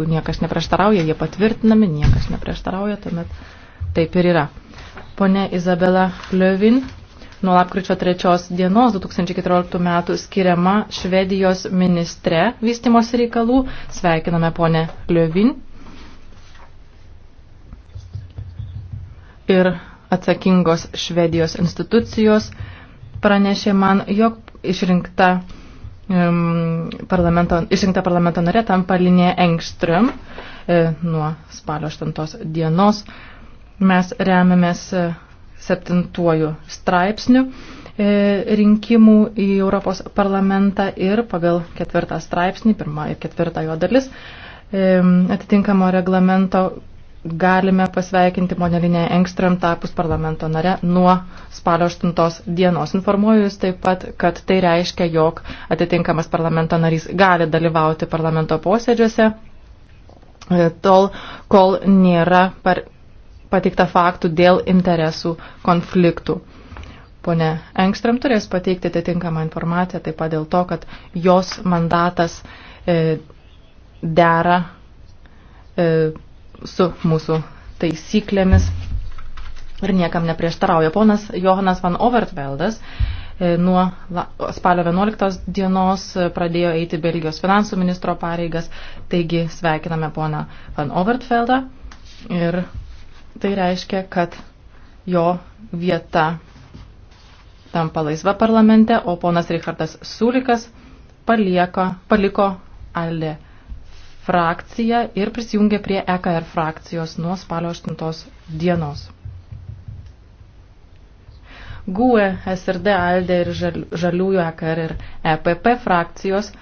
jeigu niekas neprieštarauja, jie patvirtinami, niekas neprieštarauja, tuomet taip ir yra. Pone Izabela Kliovin, nuo lapkričio 3 dienos 2014 metų skiriama Švedijos ministre vystimos reikalų. Sveikiname ponę Kliovin. Ir atsakingos Švedijos institucijos pranešė man, jog išrinkta parlamento, išrinkta parlamento narė tampa Linė Engström e, nuo spalio 8 dienos. Mes remiamės e, septintuoju straipsniu e, rinkimų į Europos parlamentą ir pagal ketvirtą straipsnį, pirmą ir ketvirtą jo dalis, atitinkamo reglamento galime pasveikinti Monelinę Engstram tapus parlamento nare nuo spalio 8 dienos. Informuoju Jūs taip pat, kad tai reiškia, jog atitinkamas parlamento narys gali dalyvauti parlamento posėdžiuose e, tol, kol nėra par, pateikta faktų dėl interesų konfliktų. Pone Engstram turės pateikti atitinkamą informaciją taip pat dėl to, kad jos mandatas e, dera e, su mūsų taisyklėmis ir niekam neprieštarauja. Ponas Johanas van Overtveldas e, nuo spalio 11 dienos e, pradėjo eiti Belgijos finansų ministro pareigas, taigi sveikiname poną van Overtveldą ir tai reiškia, kad jo vieta tampa laisva parlamente, o ponas Richardas Sulikas palieko, paliko Alė frakciją ir prisijungė prie EKR frakcijos nuo spalio 8 dienos. GUE, SRD, ALDE ir Žaliųjų EKR ir EPP frakcijos